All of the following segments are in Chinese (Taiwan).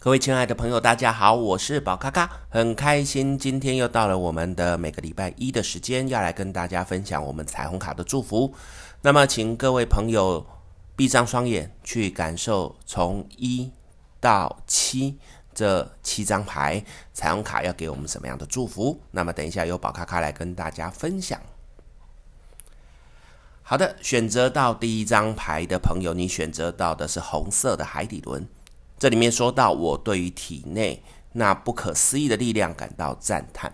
各位親愛的朋友，大家好，我是寶咖咖，很開心今天又到了我們的每個禮拜一的時間，要來跟大家分享我們彩虹卡的祝福。那麼，請各位朋友閉上雙眼，去感受從一到七這七張牌彩虹卡要給我們什麼樣的祝福。那麼，等一下由寶咖咖來跟大家分享。好的，選擇到第一張牌的朋友，你選擇到的是紅色的海底輪。這裡面說到，我對於體內那不可思議的力量感到讚嘆。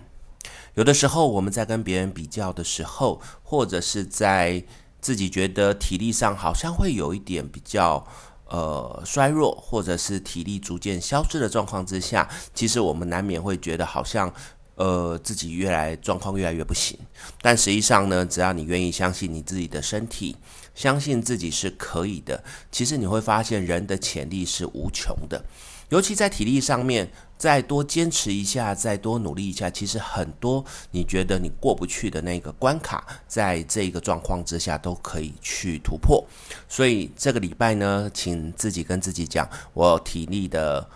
有的時候，我們在跟別人比較的時候，或者是在自己覺得體力上好像會有一點比較呃衰弱，或者是體力逐漸消失的狀況之下，其實我們難免會覺得好像呃自己越來狀況越來越不行。但實際上呢，只要你願意相信你自己的身體。相信自己是可以的。其實你會發現，人的潛力是無窮的，尤其在體力上面，再多堅持一下，再多努力一下，其實很多你覺得你過不去的那個關卡，在這個狀況之下都可以去突破。所以這個禮拜呢，請自己跟自己講：我體力的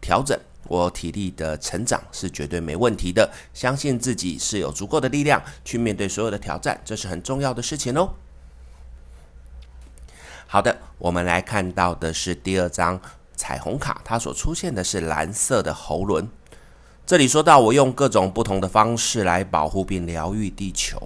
調整，我體力的成長是絕對沒問題的。相信自己是有足夠的力量去面對所有的挑戰，這是很重要的事情哦。好的，我們來看到的是第二張彩虹卡，它所出現的是藍色的喉輪。這裡說到，我用各種不同的方式來保護並療癒地球。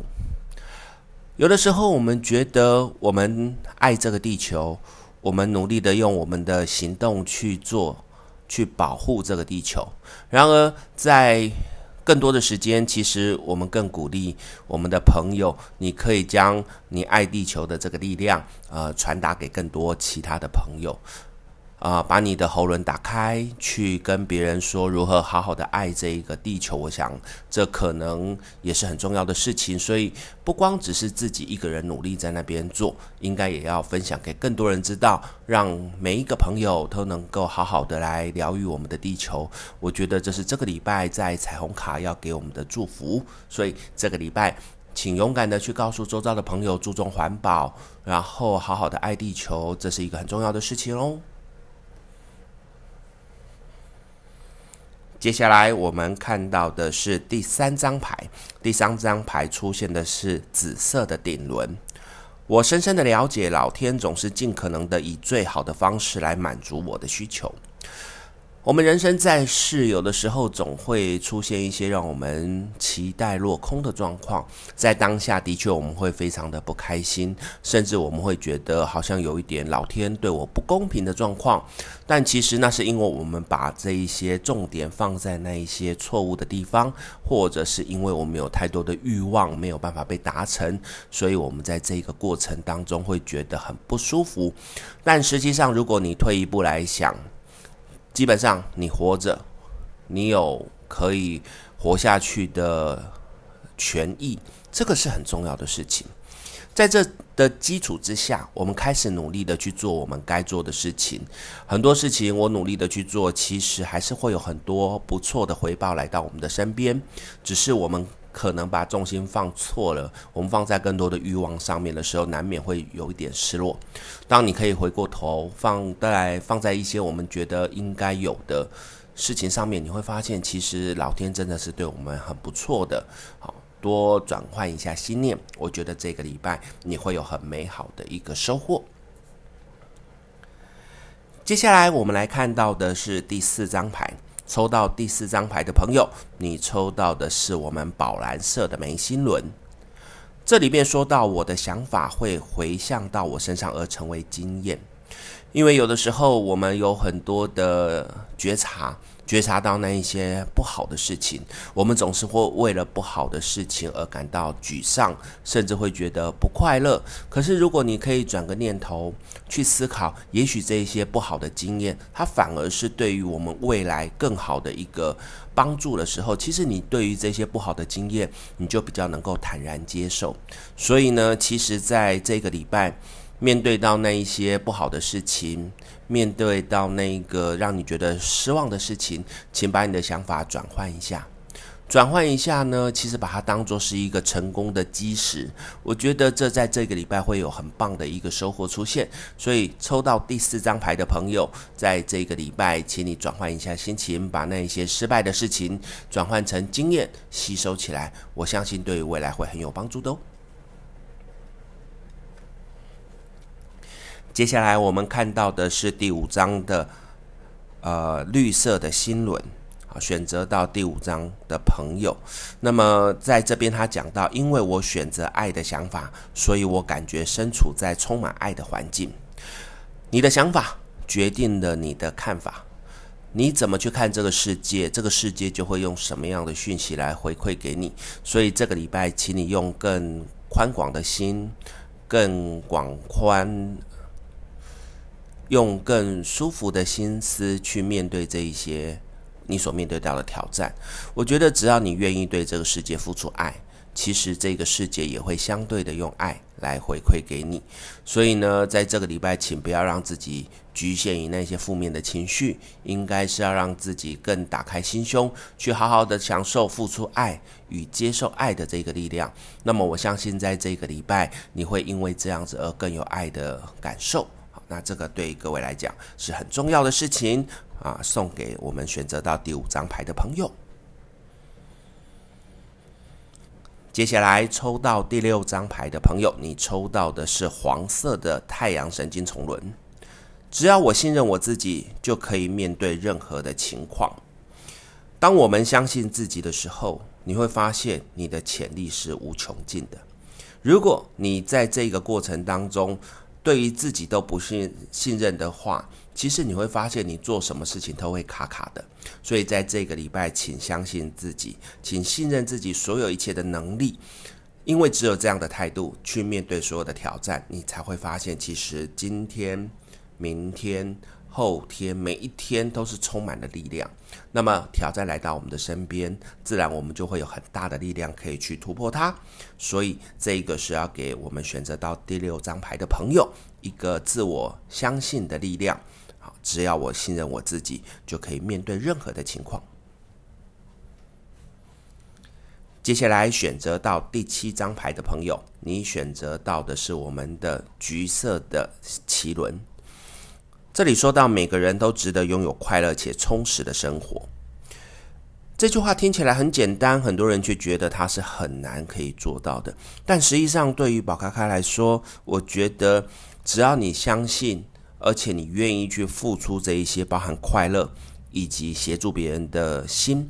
有的時候，我們覺得我們愛這個地球，我們努力的用我們的行動去做，去保護這個地球。然而，在更多的時間，其實我們更鼓勵我們的朋友，你可以將你愛地球的這個力量，呃，傳達給更多其他的朋友。啊、呃，把你的喉嚨打開，去跟別人說如何好好的愛這一個地球。我想這可能也是很重要的事情，所以不光只是自己一個人努力在那邊做，應該也要分享給更多人知道，讓每一個朋友都能夠好好的來療癒我們的地球。我覺得這是這個禮拜在彩虹卡要給我們的祝福，所以這個禮拜請勇敢的去告訴周遭的朋友，注重環保，然後好好的愛地球，這是一個很重要的事情哦。接下來我們看到的是第三張牌，第三張牌出現的是紫色的頂輪。我深深的了解，老天總是盡可能的以最好的方式來滿足我的需求。我們人生在世，有的時候總會出現一些讓我們期待落空的狀況。在當下，的確我們會非常的不開心，甚至我們會覺得好像有一點老天對我不公平的狀況。但其實那是因為我們把這一些重點放在那一些錯誤的地方，或者是因為我們有太多的慾望沒有辦法被達成，所以我們在這個過程當中會覺得很不舒服。但實際上，如果你退一步來想，基本上，你活着，你有可以活下去的權益，這個是很重要的事情。在這的基礎之下，我們開始努力的去做我們該做的事情。很多事情我努力的去做，其實還是會有很多不錯的回報來到我們的身邊，只是我們，可能把重心放錯了，我們放在更多的慾望上面的時候，難免會有一點失落。當你可以回過頭放，再來放在一些我們覺得應該有的事情上面，你會發現，其實老天真的是對我們很不錯的。好，多轉換一下心念，我覺得這個禮拜你會有很美好的一個收穫。接下來我們來看到的是第四張牌。抽到第四張牌的朋友，你抽到的是我們寶藍色的眉心輪。這裡面說到我的想法會回向到我身上，而成為經驗。因為有的時候，我們有很多的覺察，覺察到那一些不好的事情，我們總是會為了不好的事情而感到沮喪，甚至會覺得不快樂。可是，如果你可以轉個念頭去思考，也許這些不好的經驗，它反而是對於我們未來更好的一個幫助的時候，其實你對於這些不好的經驗，你就比較能夠坦然接受。所以呢，其實在這個禮拜。面對到那一些不好的事情，面對到那一個讓你覺得失望的事情，請把你的想法轉換一下。轉換一下呢，其實把它當做是一個成功的基石。我覺得這在這個禮拜會有很棒的一個收穫出現。所以抽到第四張牌的朋友，在這個禮拜，請你轉換一下心情，把那一些失敗的事情轉換成經驗，吸收起來。我相信對於未來會很有幫助的哦。接下來我們看到的是第五張的，呃，綠色的心輪啊，選擇到第五張的朋友。那麼在這邊他講到，因為我選擇愛的想法，所以我感覺身處在充滿愛的環境。你的想法決定了你的看法，你怎麼去看這個世界，這個世界就會用什麼樣的訊息來回饋給你。所以這個禮拜，請你用更寬廣的心，更廣寬。用更舒服的心思去面對這一些你所面對到的挑戰，我覺得只要你願意對這個世界付出愛，其實這個世界也會相對的用愛來回饋給你。所以呢，在這個禮拜，請不要讓自己局限於那些負面的情緒，應該是要讓自己更打開心胸，去好好的享受付出愛與接受愛的這個力量。那麼，我相信在這個禮拜，你會因為這樣子而更有愛的感受。那這個對各位來講是很重要的事情啊！送給我們選擇到第五張牌的朋友。接下來抽到第六張牌的朋友，你抽到的是黃色的太陽神經叢輪。只要我信任我自己，就可以面對任何的情況。當我們相信自己的時候，你會發現你的潛力是無窮盡的。如果你在這個過程當中，對於自己都不信信任的話，其實你會發現你做什麼事情都會卡卡的。所以在這個禮拜，請相信自己，請信任自己所有一切的能力，因為只有這樣的態度去面對所有的挑戰，你才會發現其實今天、明天。後天每一天都是充滿了力量，那麼挑戰來到我們的身邊，自然我們就會有很大的力量可以去突破它。所以，這個是要給我們選擇到第六張牌的朋友一個自我相信的力量。好，只要我信任我自己，就可以面對任何的情況。接下來選擇到第七張牌的朋友，你選擇到的是我們的橘色的臍輪。這裡說到每個人都值得擁有快樂且充實的生活，這句話聽起來很簡單，很多人卻覺得它是很難可以做到的。但實際上，對於寶卡卡來說，我覺得只要你相信，而且你願意去付出這一些包含快樂以及協助別人的心，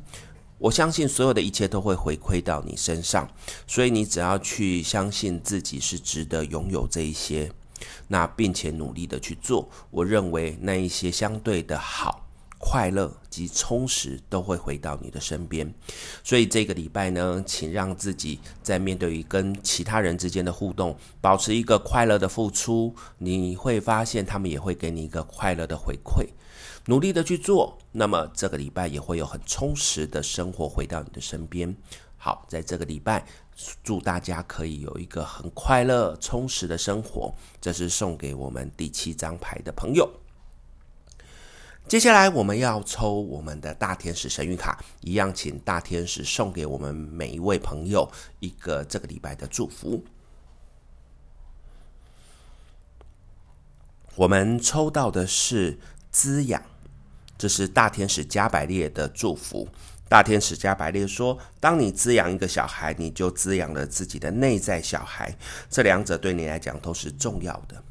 我相信所有的一切都會回饋到你身上。所以你只要去相信自己是值得擁有這一些。那並且努力的去做，我認為那一些相對的好、快樂及充實都會回到你的身邊。所以這個禮拜呢，請讓自己在面對於跟其他人之間的互動，保持一個快樂的付出，你會發現他們也會給你一個快樂的回饋。努力的去做，那麼這個禮拜也會有很充實的生活回到你的身邊。好，在這個禮拜。祝大家可以有一個很快樂、充實的生活，這是送給我們第七張牌的朋友。接下來我們要抽我們的大天使神諭卡，一樣請大天使送給我們每一位朋友一個這個禮拜的祝福。我們抽到的是滋養，這是大天使加百列的祝福。大天使加百列說：“當你滋養一個小孩，你就滋養了自己的內在小孩。這兩者對你來講都是重要的。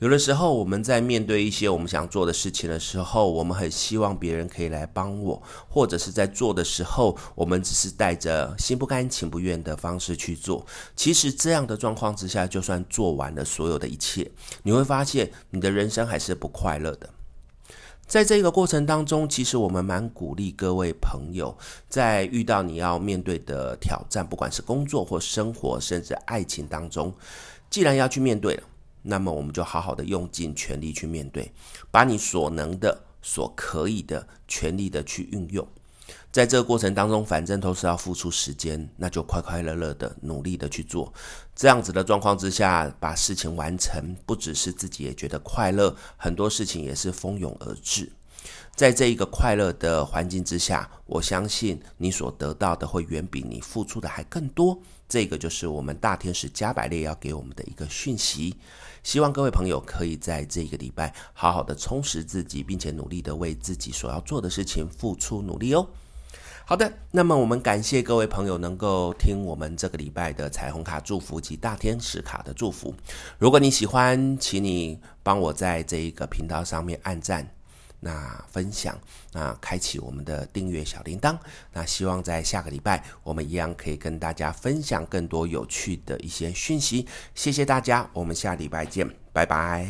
有的時候，我們在面對一些我們想做的事情的時候，我們很希望別人可以來幫我，或者是在做的時候，我們只是帶着心不甘情不願的方式去做。其實，這樣的狀況之下，就算做完了所有的一切，你會發現你的人生還是不快樂的。”在這個過程當中，其實我們蠻鼓勵各位朋友，在遇到你要面對的挑戰，不管是工作或生活，甚至愛情當中，既然要去面對了，那麼我們就好好的用盡全力去面對，把你所能的、所可以的、全力的去運用。在這個過程當中，反正都是要付出時間，那就快快樂樂的、努力的去做。這樣子的狀況之下，把事情完成，不只是自己也覺得快樂，很多事情也是蜂擁而至。在這一個快樂的環境之下，我相信你所得到的會遠比你付出的還更多。這個就是我們大天使加百列要給我們的一個訊息。希望各位朋友可以在這一個禮拜好好的充實自己，並且努力的為自己所要做的事情付出努力哦。好的，那麼我們感謝各位朋友能夠聽我們這個禮拜的彩虹卡祝福及大天使卡的祝福。如果你喜歡，請你幫我在這一個頻道上面按讚。那分享，那開啟我們的訂閱小鈴鐺。那希望在下個禮拜，我們一樣可以跟大家分享更多有趣的一些訊息。謝謝大家，我們下禮拜見，拜拜。